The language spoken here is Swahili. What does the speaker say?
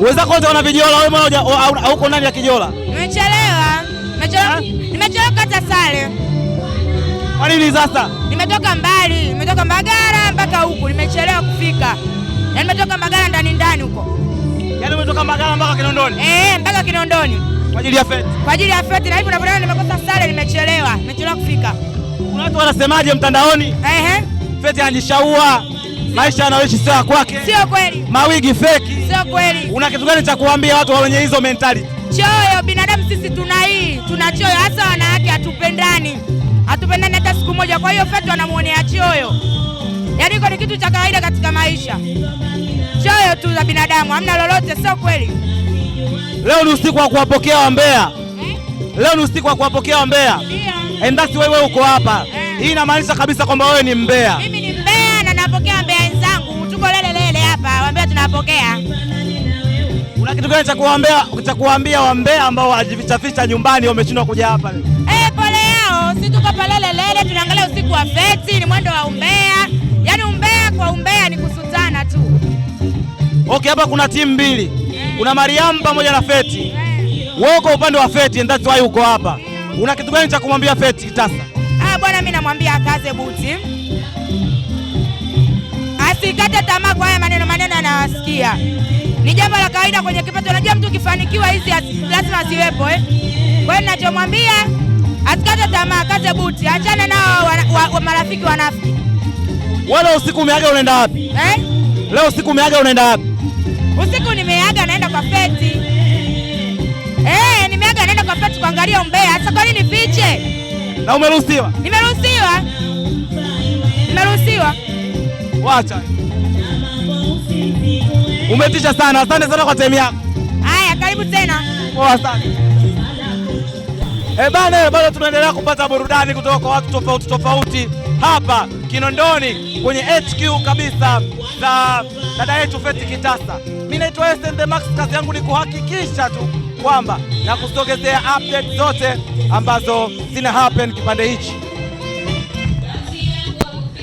wenzako wote wana vijola, wewe mmoja hauko ndani ya kijola. Nimechelewa, nimechelewa, kata sale Kwa nini sasa? Nimetoka mbali, nimetoka Mbagara mpaka huku, nimechelewa kufika. Yaani nimetoka Mbagara ndani ndani huko. Yaani umetoka Mbagara mpaka Kinondoni? Eh, mpaka Kinondoni. Kwa ajili ya feti. Kwa ajili ya feti na na unaona nimekosa sale, nimechelewa, nimechelewa kufika. Kuna watu wanasemaje mtandaoni? Ehe. Feti anajishaua maisha anaoishi sio kwake, sio kweli. Mawigi feki, sio kweli. Una kitu gani cha kuambia watu wenye hizo mentality? Choyo binadamu sisi tuna hii, tuna choyo, hasa wanawake. Hatupendani, hatupendani hata siku moja. Kwa hiyo Fetu anamuonea choyo, yaani iko ni kitu cha kawaida katika maisha, choyo tu za binadamu, hamna lolote, sio kweli. Leo ni usiku wa kuwapokea wambea eh? Leo ni usiku wa kuwapokea wambea yeah. Endasi wewe uko hapa eh. Hii inamaanisha kabisa kwamba wewe ni mbea. Mimi kuna kitu gani cha kuwaambia wambea ambao wanajifichaficha nyumbani wameshindwa kuja hapa? Eh, pole yao, si tuko pale lelele, tunaangalia usiku wa feti, ni mwendo wa umbea. Yaani umbea kwa umbea ni kusutana tu. Okay, hapa kuna timu mbili, kuna Mariam pamoja na Feti. Wewe uko upande wa Feti, and that's why uko hapa. Una kitu gani cha kumwambia Feti sasa? Ah, bwana mimi namwambia akaze buti, asikate tamaa kwa haya maneno maneno anawasikia ni jambo la kawaida kwenye kipato. Unajua mtu ukifanikiwa hizi lazima asiwepo eh? Kwa hiyo ninachomwambia asikate tamaa, kate buti, achane nao wa, wa, wa marafiki wanafiki leo Usiku umeaga unaenda wapi eh? Leo usiku umeaga unaenda wapi? Usiku nimeaga naenda kwa feti eh, nimeaga naenda kwa feti kuangalia umbea. Sasa kwa nini nifiche? Na umeruhusiwa? Nimeruhusiwa, nimeruhusiwa, wacha Umetisha sana, asante sana kwa time yako. Haya, karibu tena. Poa oh, sana. Eh, bana, bado tunaendelea kupata burudani kutoka kwa watu tofauti tofauti hapa Kinondoni kwenye HQ kabisa za dada yetu Feti Kitasa. Mimi naitwa Esen The Max, kazi yangu ni kuhakikisha tu kwamba na kusogezea update zote ambazo zina happen kipande hichi.